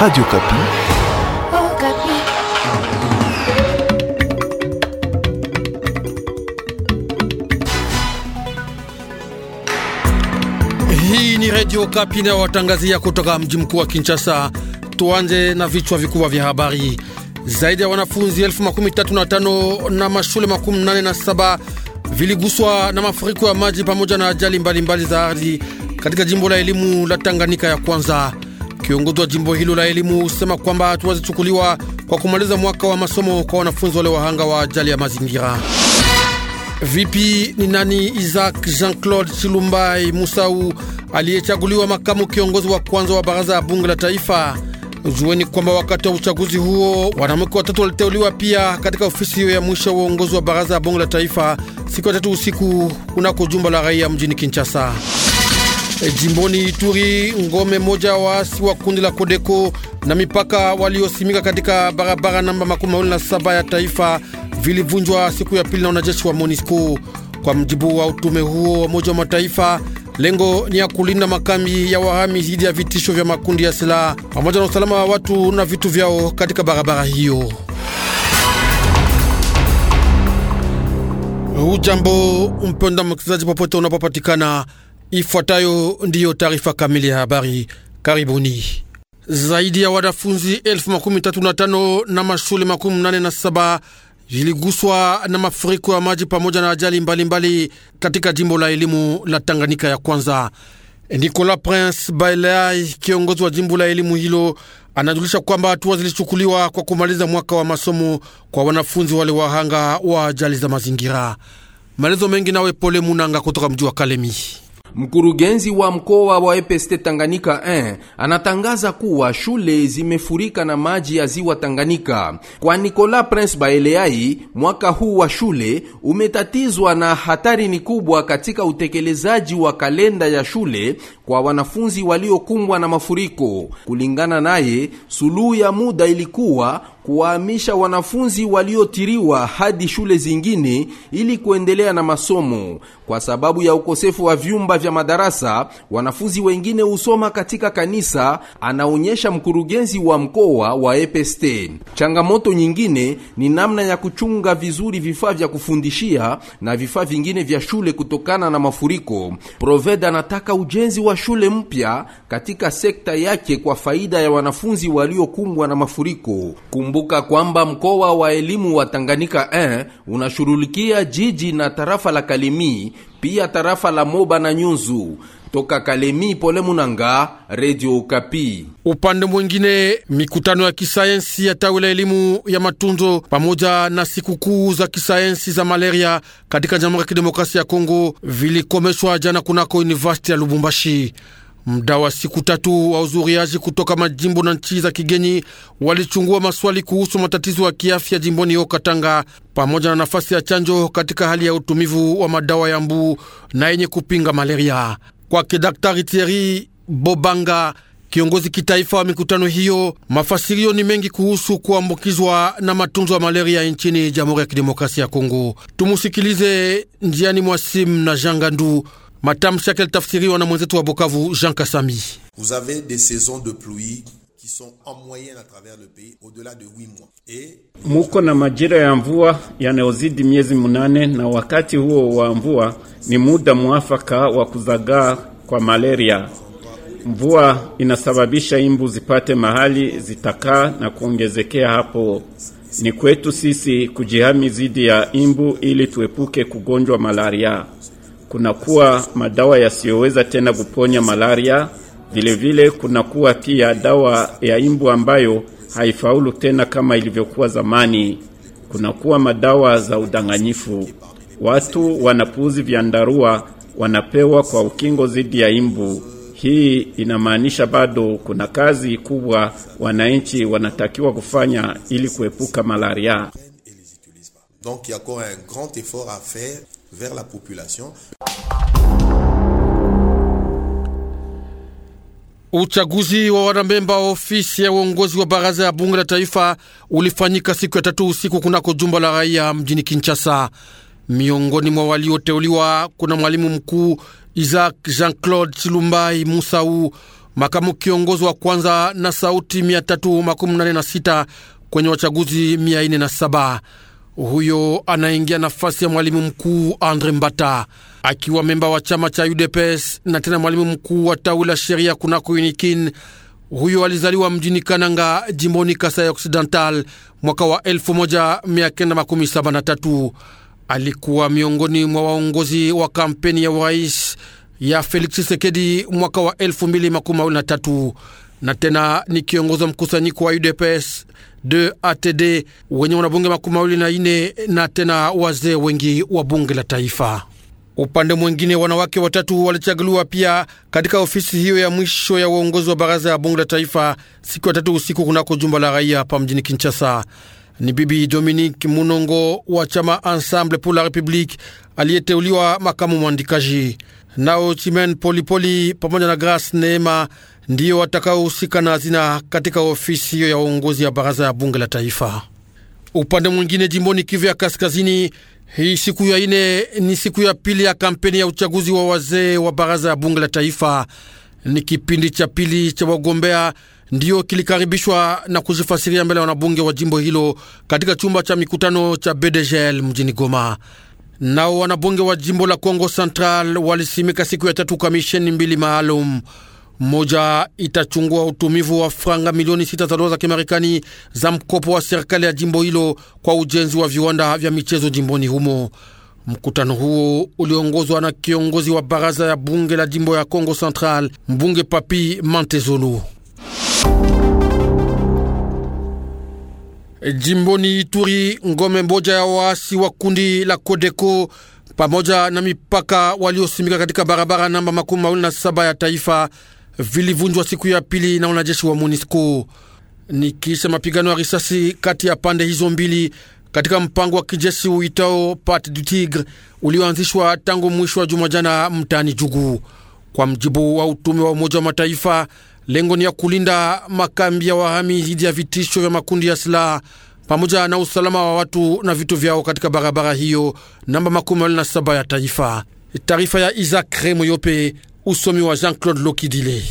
Radio Kapi. Oh, Kapi. Hii ni Radio Kapi watangazia kutoka mji mkuu wa Kinshasa. Tuanze na vichwa vikubwa vya habari. Zaidi ya wanafunzi 1035 na mashule makumi viliguswa na mafuriko ya maji pamoja na ajali mbalimbali mbali za ardhi katika jimbo la elimu la Tanganyika ya kwanza. Kiongozi wa jimbo hilo la elimu husema kwamba hatua zichukuliwa kwa kumaliza mwaka wa masomo kwa wanafunzi wale wahanga wa ajali ya mazingira. Vipi ni nani Isaac Jean-Claude Chilumbai Musau aliyechaguliwa makamu kiongozi wa kwanza wa baraza ya bunge la taifa? Jueni kwamba wakati wa uchaguzi huo wanawake watatu waliteuliwa pia katika ofisi hiyo ya mwisho wa uongozi wa baraza ya bunge la taifa siku ya tatu usiku kunako jumba la raia mjini Kinshasa. Eh, jimboni Ituri, ngome moja waasi wa kundi la Kodeko na mipaka waliosimika katika barabara namba makumi mawili na saba ya taifa vilivunjwa siku ya pili na wanajeshi wa MONUSCO. Kwa mjibu wa utume huo wa Umoja wa Mataifa, lengo ni ya kulinda makambi ya wahami dhidi ya vitisho vya makundi ya silaha pamoja na usalama wa watu na vitu vyao katika barabara hiyo. Ujambo mpenda msikilizaji, popote unapopatikana. Ifuatayo ndiyo taarifa kamili ya habari. Karibuni. Zaidi ya wanafunzi elfu makumi tatu na tano na mashule makumi nane na saba viliguswa na mafuriko ya maji pamoja na ajali mbalimbali mbali katika jimbo la elimu la Tanganyika ya kwanza. Nicolas Prince Bailai, kiongozi wa jimbo la elimu hilo, anajulisha kwamba hatua zilichukuliwa kwa kumaliza mwaka wa masomo kwa wanafunzi wale wahanga wa ajali za mazingira. Maelezo mengi nawe Pole Munanga kutoka mji wa Kalemi. Mkurugenzi wa mkoa wa EPST Tanganyika 1 eh, anatangaza kuwa shule zimefurika na maji ya ziwa Tanganyika. Kwa Nicolas Prince Baeleai, mwaka huu wa shule umetatizwa na hatari ni kubwa katika utekelezaji wa kalenda ya shule kwa wanafunzi waliokumbwa na mafuriko. Kulingana naye, suluhu ya muda ilikuwa kuwahamisha wanafunzi waliotiriwa hadi shule zingine ili kuendelea na masomo. Kwa sababu ya ukosefu wa vyumba vya madarasa, wanafunzi wengine husoma katika kanisa, anaonyesha mkurugenzi wa mkoa wa EPST. Changamoto nyingine ni namna ya kuchunga vizuri vifaa vya kufundishia na vifaa vingine vya shule kutokana na mafuriko. Proved anataka ujenzi wa shule mpya katika sekta yake kwa faida ya wanafunzi waliokumbwa na mafuriko Kumbu Kumbuka kwamba mkoa wa elimu wa Tanganyika 1 unashughulikia jiji na tarafa la Kalemi, pia tarafa la Moba na Nyunzu. Toka Kalemi, Pole Munanga, Radio Okapi. Upande mwingine, mikutano ya kisayansi ya tawi la elimu ya matunzo pamoja na sikukuu za kisayansi za malaria katika Jamhuri ya Kidemokrasia ya Kongo vilikomeshwa jana kunako University ya Lubumbashi. Mda wa siku tatu wa uzuriaji kutoka majimbo na nchi za kigeni walichungua maswali kuhusu matatizo ya kiafya jimboni yo Katanga, pamoja na nafasi ya chanjo katika hali ya utumivu wa madawa ya mbu na yenye kupinga malaria. Kwake Daktari Thierry Bobanga, kiongozi kitaifa wa mikutano hiyo, mafasirio ni mengi kuhusu kuambukizwa na matunzo ya malaria nchini Jamhuri ya Kidemokrasia ya Kongo. Tumusikilize njiani mwa simu na Jangandu. Matamshi yake na mwenzetu wa Bukavu Jean Kasami. Vous avez des saisons de pluie qui sont en moyenne à travers le pays au-delà de 8 mois. Et muko na majira ya mvua yanayozidi miezi munane, na wakati huo wa mvua ni muda mwafaka wa kuzagaa kwa malaria. Mvua inasababisha imbu zipate mahali zitakaa na kuongezekea. Hapo ni kwetu sisi kujihami dhidi ya imbu ili tuepuke kugonjwa malaria kunakuwa madawa yasiyoweza tena kuponya malaria. Vilevile kunakuwa pia dawa ya imbu ambayo haifaulu tena kama ilivyokuwa zamani. Kunakuwa madawa za udanganyifu, watu wanapuuzi vyandarua wanapewa kwa ukingo dhidi ya imbu. Hii inamaanisha bado kuna kazi kubwa wananchi wanatakiwa kufanya ili kuepuka malaria. Donc, vers la population. Uchaguzi wa wanamemba wa ofisi ya uongozi wa baraza ya bunge la taifa ulifanyika siku ya tatu usiku kunako jumba la raia mjini Kinshasa. Miongoni mwa walioteuliwa kuna mwalimu mkuu Isaac Jean-Claude Chilumbai Musau, makamu kiongozi wa kwanza na sauti 386 kwenye wachaguzi 407. Huyo anaingia nafasi ya mwalimu mkuu Andre Mbata akiwa memba wa chama cha UDPS na tena mwalimu mkuu wa tawi la sheria kunako UNIKIN. Huyo alizaliwa mjini Kananga, jimboni Kasai ya Occidental mwaka wa 1973. Alikuwa miongoni mwa waongozi wa kampeni ya urais ya Felix Tshisekedi mwaka wa 2023 na tena ni kiongozi mkusanyiko wa UDPS de ATD wenye wanabunge makumi mawili na ine na tena wazee wengi wa bunge la taifa. Upande mwingine, wanawake watatu walichaguliwa pia katika ofisi hiyo ya mwisho ya uongozi wa baraza ya bunge la taifa siku ya tatu usiku kunako jumba la raia hapa mjini Kinshasa. Ni bibi Dominique Munongo wa chama Ensemble pour la République aliyeteuliwa makamu mwandikaji, nao Chimen Polipoli pamoja na Grace Neema ndiyo watakaohusika na hazina katika ofisi hiyo ya uongozi ya baraza ya bunge la taifa. Upande mwingine, jimboni Kivu ya Kaskazini, hii siku ya ine ni siku ya pili ya kampeni ya uchaguzi wa wazee wa baraza ya bunge la taifa. Ni kipindi cha pili cha wagombea ndiyo kilikaribishwa na kujifasiria mbele ya wanabunge wa jimbo hilo katika chumba cha mikutano cha BDGL mjini Goma. Nao wanabunge wa jimbo la congo Central walisimika siku ya tatu kamisheni mbili maalum moja itachungua utumivu wa franga milioni sita za dola za Kimarekani za mkopo wa serikali ya jimbo hilo kwa ujenzi wa viwanda vya michezo jimboni humo. Mkutano huo uliongozwa na kiongozi wa baraza ya bunge la jimbo ya congo Central, mbunge Papi mantezolu Jimboni Ituri, ngome moja ya waasi wa kundi la Kodeko pamoja na mipaka waliosimika katika barabara namba makumi mawili na saba ya taifa vilivunjwa siku ya pili na wanajeshi wa MONUSCO ni kisha mapigano ya risasi kati ya pande hizo mbili katika mpango wa kijeshi uitao Pat du Tigre ulioanzishwa tangu mwisho wa juma jana mtaani Jugu. Kwa mjibu wa utume wa Umoja wa Mataifa, lengo ni ya kulinda makambi ya wahami dhidi ya vitisho vya makundi ya silaha pamoja na usalama wa watu na vitu vyao katika barabara hiyo namba makumi mawili na saba ya taifa. Taarifa ya Isaac Remoyope Usomi wa Jean-Claude Lokidile.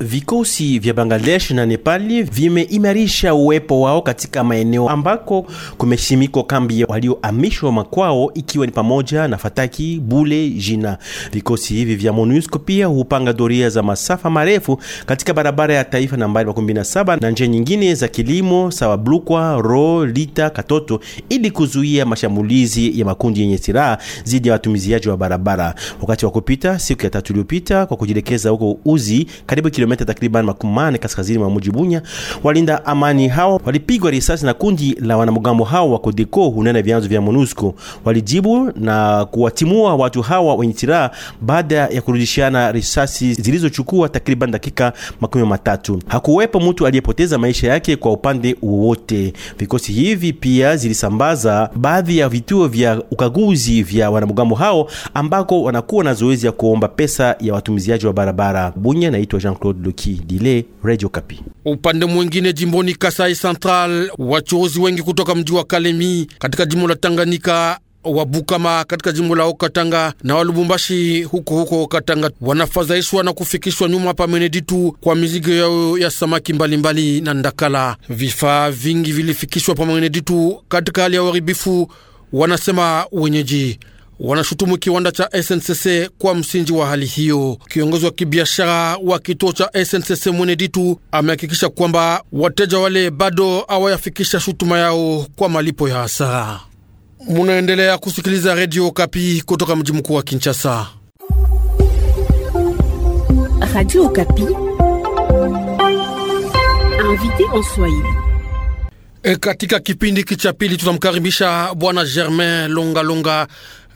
Vikosi vya Bangladesh na Nepali vimeimarisha uwepo wao katika maeneo ambako kumeshimikwa kambi waliohamishwa makwao, ikiwa ni pamoja na Fataki, Bule, Jina. Vikosi hivi vya MONUSCO pia hupanga doria za masafa marefu katika barabara ya taifa nambari 17 na njia nyingine za kilimo sawa Blukwa, Ro, Lita, Katoto ili kuzuia mashambulizi ya makundi yenye silaha dhidi ya watumiziaji wa barabara. Wakati wa kupita siku ya tatu iliyopita kwa kujielekeza huko Uzi karibu kilo kilomita takriban makumi mane kaskazini mwa mji Bunya. Walinda amani hao walipigwa risasi na kundi la wanamgambo hao wa Kodeko, hunena vyanzo vya MONUSCO. Walijibu na kuwatimua watu hawa wenye silaha baada ya kurudishiana risasi zilizochukua takriban dakika makumi matatu. Hakuwepo mtu aliyepoteza maisha yake kwa upande wowote. Vikosi hivi pia zilisambaza baadhi ya vituo vya ukaguzi vya wanamgambo hao ambako wanakuwa na zoezi ya kuomba pesa ya watumiziaji wa barabara. Bunya, naitwa Jean Claude Loki Dile, Radio Kapi. Upande mwingine jimboni Kasai Central, wachuuzi wengi kutoka mji wa Kalemi katika jimbo la Tanganyika wa Bukama katika jimbo la Okatanga na wa Lubumbashi huko huko Okatanga wanafadhaishwa na kufikishwa nyuma pa Meneditu kwa mizigo yao ya samaki mbalimbali mbali na ndakala. Vifaa vingi vilifikishwa pa Meneditu katika hali ya uharibifu, wanasema wenyeji wanashutumu kiwanda cha SNCC kwa msingi wa hali hiyo. Kiongozi wa kibiashara wa kituo cha SNCC ditu amehakikisha kwamba wateja wale bado hawayafikisha shutuma yao kwa malipo ya hasara. Munaendelea kusikiliza redio Kapi kutoka mji mkuu wa Kinshasa. E, katika kipindi cha pili tunamkaribisha Bwana Germain Longalonga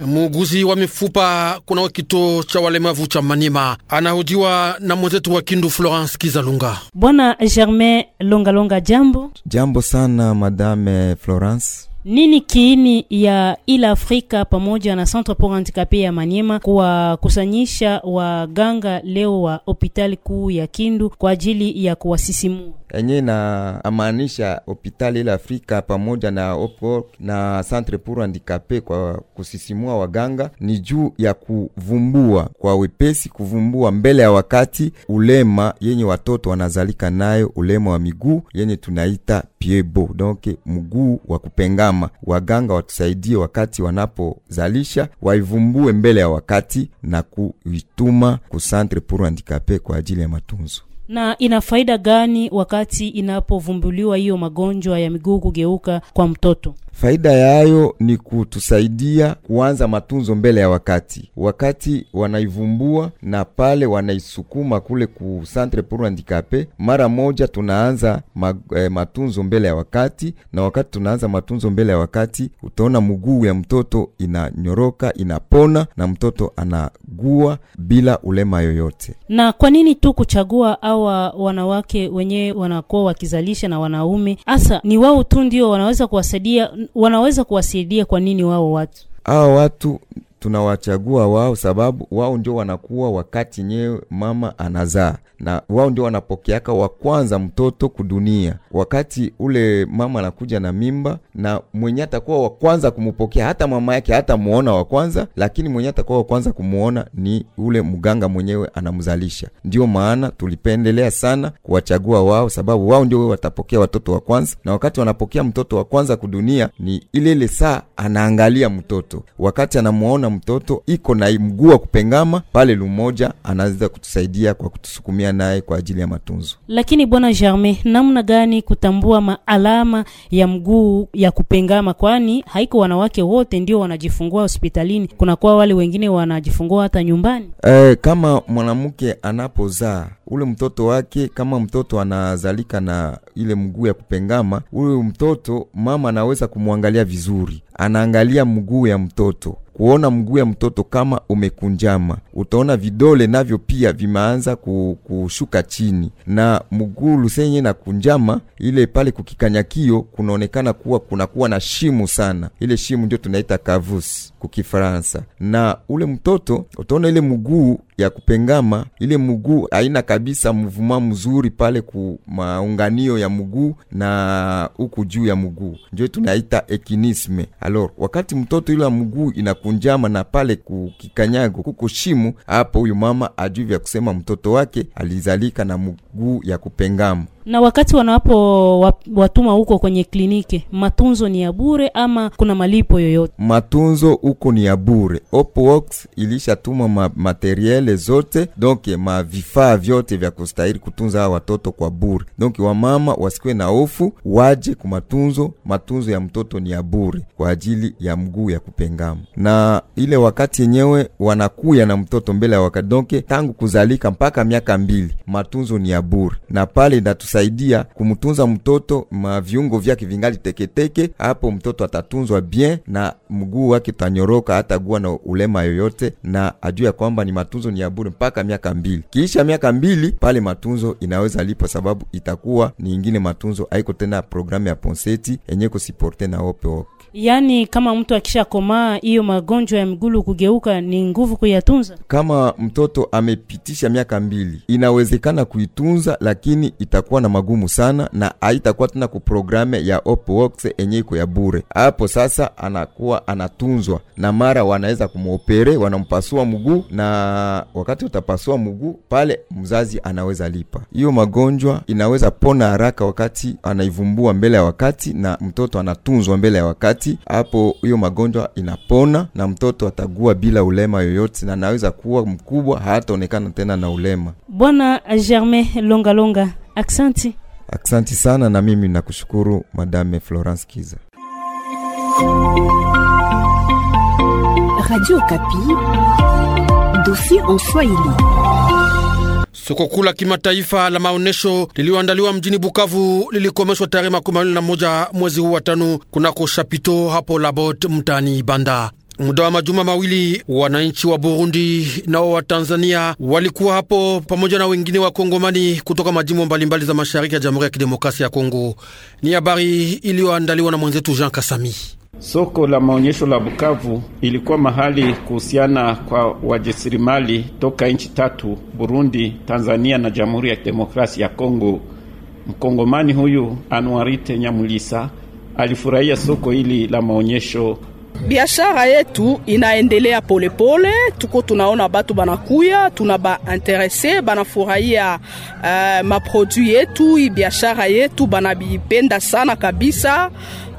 muuguzi wa mifupa kuna kituo cha walemavu cha Manema. Anahojiwa na mwenzetu wa Kindu Florence Kizalunga. Bwana Germain Longalonga, jambo. Jambo sana madame Florence. Nini kiini ya ila Afrika pamoja na Centre pour Handicapé ya Manyema kuwakusanyisha waganga leo wa hopitali kuu ya Kindu kwa ajili ya kuwasisimua? enye na amaanisha hopitali ile Afrika pamoja na Opork na centre pour handikape kwa kusisimua waganga, ni juu ya kuvumbua kwa wepesi, kuvumbua mbele ya wakati ulema yenye watoto wanazalika nayo, ulema wa miguu yenye tunaita piebo, donc mguu wa kupengama. Waganga watusaidie wakati wanapozalisha, waivumbue mbele ya wakati na kuituma ku centre pour handikape kwa ajili ya matunzo. Na ina faida gani wakati inapovumbuliwa hiyo magonjwa ya miguu kugeuka kwa mtoto? Faida yayo ni kutusaidia kuanza matunzo mbele ya wakati, wakati wanaivumbua na pale wanaisukuma kule ku Centre pour Handicapé, mara moja tunaanza eh, matunzo mbele ya wakati. Na wakati tunaanza matunzo mbele ya wakati, utaona mguu ya mtoto inanyoroka, inapona na mtoto anagua bila ulema yoyote. Na kwa nini tu kuchagua hawa wanawake wenyewe wanakuwa wakizalisha na wanaume, hasa ni wao tu ndio wanaweza kuwasaidia, wanaweza kuwasaidia. Kwa nini wao watu hawa watu tunawachagua wao sababu wao ndio wanakuwa wakati nyewe mama anazaa, na wao ndio wanapokeaka wa kwanza mtoto kudunia. Wakati ule mama anakuja na mimba, na mwenye atakuwa wa kwanza kumpokea hata mama yake hata muona wa kwanza, lakini mwenye atakuwa wa kwanza kumuona ni ule mganga mwenyewe anamzalisha. Ndio maana tulipendelea sana kuwachagua wao, sababu wao ndio watapokea watoto wa kwanza, na wakati wanapokea mtoto wa kwanza kudunia ni ile ile saa anaangalia mtoto, wakati anamuona mtoto iko na mguu wa kupengama pale, lumoja anaweza kutusaidia kwa kutusukumia naye kwa ajili ya matunzo. Lakini bwana Germain, namna gani kutambua maalama ya mguu ya kupengama? Kwani haiko wanawake wote ndio wanajifungua hospitalini, kunakuwa wale wengine wanajifungua hata nyumbani. E, kama mwanamke anapozaa ule mtoto wake, kama mtoto anazalika na ile mguu ya kupengama, ule mtoto mama anaweza kumwangalia vizuri, anaangalia mguu ya mtoto kuona mguu ya mtoto kama umekunjama, utaona vidole navyo pia vimeanza kushuka chini, na mguu lusenye na kunjama ile pale kukikanyakio kunaonekana kuwa kunakuwa na shimu sana. Ile shimu ndio tunaita kavusi kukifaransa, na ule mtoto utaona ile mguu ya kupengama, ile mguu haina kabisa mvuma mzuri pale ku maunganio ya mguu na huku juu ya mguu, ndio tunaita ekinisme. Alors wakati mtoto ile mguu ina kunjama na pale kukikanyago kuko shimu hapo, huyu mama ajuvya kusema mtoto wake alizalika na mguu ya kupengama. Na wakati wanapo watuma huko kwenye kliniki, matunzo ni ya bure ama kuna malipo yoyote? Matunzo huko ni ya bure. Opox ilishatuma ma materiele zote, donc ma vifaa vyote vya kustahili kutunza hawa watoto kwa bure. Donc wamama wasikwe na hofu, waje ku matunzo. Matunzo ya mtoto ni ya bure kwa ajili ya mguu ya kupengama, na ile wakati yenyewe wanakuya na mtoto mbele ya wakati, donke tangu kuzalika mpaka miaka mbili matunzo ni ya bure, na pale datu kumsaidia kumtunza mtoto, maviungo vyake vingali teketeke. Hapo mtoto atatunzwa bien na mguu wake tanyoroka, hatakuwa na ulema yoyote, na ajua ya kwamba ni matunzo ni ya bure mpaka miaka mbili. Kiisha miaka mbili pale matunzo inaweza lipa, sababu itakuwa ni ingine matunzo, haiko tena programu ya ponseti yenye kusiporte na ope ope. Yani kama mtu akisha komaa hiyo magonjwa ya migulu kugeuka ni nguvu kuyatunza. Kama mtoto amepitisha miaka mbili, inawezekana kuitunza, lakini itakuwa na magumu sana, na haitakuwa tena kuprograme ya opwox enye iko ya bure. Hapo sasa anakuwa anatunzwa, na mara wanaweza kumwopere wanampasua mguu, na wakati utapasua mguu pale mzazi anaweza lipa. Hiyo magonjwa inaweza pona haraka wakati anaivumbua mbele ya wakati, na mtoto anatunzwa mbele ya wakati. Hapo hiyo magonjwa inapona na mtoto atagua bila ulema yoyote, na anaweza kuwa mkubwa hataonekana tena na ulema. Bwana Germain Longalonga Aksanti, aksanti sana, na mimi nakushukuru Madame Florence Kiza. Radio Kapi, dosi en Swahili. Soko kuu la kimataifa la maonesho liliyoandaliwa mjini Bukavu lilikomeshwa tarehe makumi mawili na moja mwezi huu wa tano kunako Shapito hapo Labot mtaani Banda. Muda wa majuma mawili wananchi wa Burundi nao wa Tanzania walikuwa hapo pamoja na wengine wa Kongomani kutoka majimbo mbalimbali za mashariki ya Jamhuri ya Kidemokrasia ya Kongo. Ni habari iliyoandaliwa na mwenzetu Jean Kasami. Soko la maonyesho la Bukavu ilikuwa mahali kuhusiana kwa wajasirimali toka nchi tatu: Burundi, Tanzania na Jamhuri ya Kidemokrasia ya Kongo. Mkongomani huyu Anuarite Nyamulisa alifurahia soko hili la maonyesho biashara yetu inaendelea polepole pole. Tuko tunaona batu banakuya, tuna ba-interesé bainterese banafurahia uh, maprodui yetu biashara yetu banabipenda sana kabisa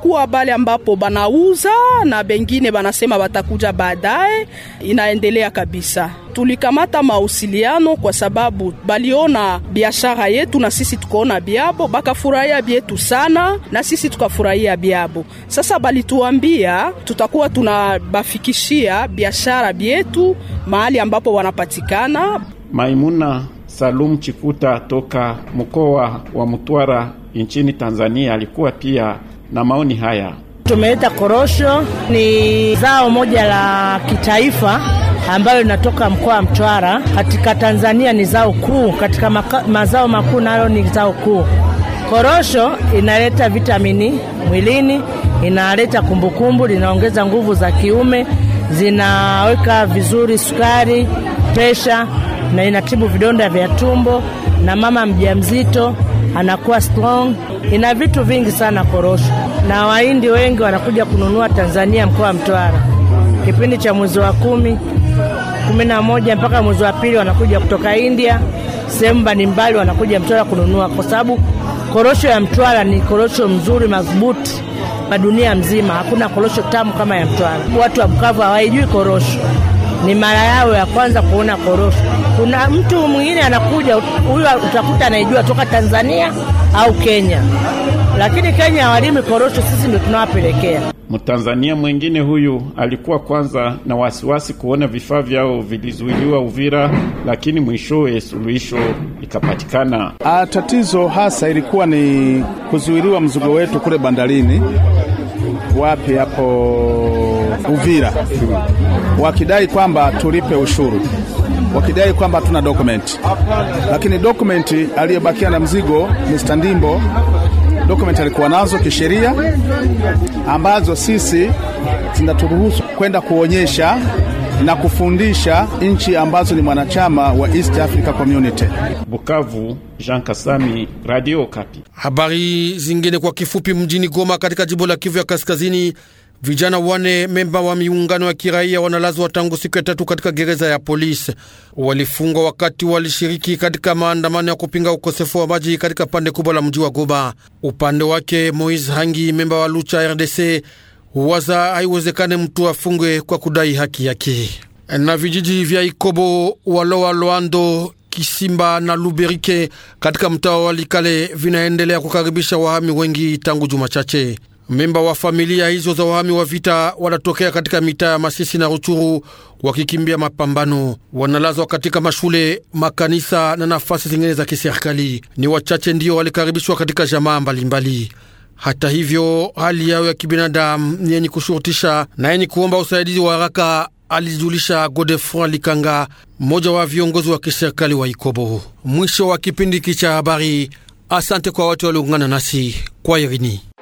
kuwa bale ambapo banauza na bengine banasema batakuja baadaye, inaendelea kabisa. Tulikamata mausiliano kwa sababu baliona biashara yetu na sisi tukaona biabo, bakafurahia bietu sana na sisi tukafurahia biabo. Sasa balituambia tutakuwa tunabafikishia biashara bietu mahali ambapo wanapatikana. Maimuna Salum Chikuta toka mkoa wa Mtwara nchini Tanzania alikuwa pia na maoni haya. Tumeleta korosho, ni zao moja la kitaifa ambayo linatoka mkoa wa Mtwara katika Tanzania. Ni zao kuu katika maka, mazao makuu, nalo ni zao kuu. Korosho inaleta vitamini mwilini, inaleta kumbukumbu, linaongeza nguvu za kiume, zinaweka vizuri sukari, presha na inatibu vidonda vya tumbo, na mama mjamzito anakuwa strong. Ina vitu vingi sana korosho, na Wahindi wengi wanakuja kununua Tanzania, mkoa wa Mtwara. Kipindi cha mwezi wa kumi kumi na moja mpaka mwezi wa pili wanakuja kutoka India, sehemu mbalimbali wanakuja Mtwara kununua, kwa sababu korosho ya Mtwara ni korosho mzuri madhubuti kwa dunia mzima. Hakuna korosho tamu kama ya Mtwara. Watu wa Bukavu hawaijui korosho ni mara yao ya kwanza kuona korofi. Kuna mtu mwingine anakuja, huyu utakuta anaijua toka Tanzania au Kenya, lakini Kenya hawalimi korosho, sisi ndio tunawapelekea. Mtanzania mwingine huyu alikuwa kwanza na wasiwasi kuona vifaa vyao vilizuiliwa Uvira, lakini mwishowe suluhisho ikapatikana. A, ah, tatizo hasa ilikuwa ni kuzuiliwa mzigo wetu kule bandarini, wapi hapo Uvira wakidai kwamba tulipe ushuru, wakidai kwamba hatuna dokumenti, lakini dokumenti aliyebakia na mzigo Mr. Ndimbo dokumenti alikuwa nazo kisheria ambazo sisi zinaturuhusu kwenda kuonyesha na kufundisha nchi ambazo ni mwanachama wa East Africa Community. Bukavu, Jean Kasami, Radio Kapi. Habari zingine kwa kifupi mjini Goma katika jimbo la Kivu ya Kaskazini Vijana wane memba wa miungano ya kiraia wanalazwa tangu siku ya tatu katika gereza ya polisi. Walifungwa wakati walishiriki katika maandamano ya kupinga ukosefu wa maji katika pande kubwa la mji wa Goma. Upande wake, Moise Hangi, memba wa Lucha RDC, waza haiwezekane mtu afungwe kwa kudai haki yake. Na vijiji vya Ikobo, Walowa, Loando, Kisimba na Luberike katika mtaa wa Likale vinaendelea kukaribisha wahami wengi tangu juma chache. Memba wa familia hizo za wahami wa vita wanatokea katika mitaa ya Masisi na Ruchuru wakikimbia mapambano, wanalazwa katika mashule, makanisa na nafasi zingine za kiserikali. Ni wachache ndiyo walikaribishwa katika jamaa mbalimbali Hata hivyo hali yao ya kibinadamu ni yenye kushurutisha na yenye kuomba usaidizi wa haraka, alijulisha Godefroid Likanga, mmoja wa viongozi wa kiserikali wa Ikobo. Mwisho wa kipindi hiki cha habari. Asante kwa watu waliungana nasi kwa irini.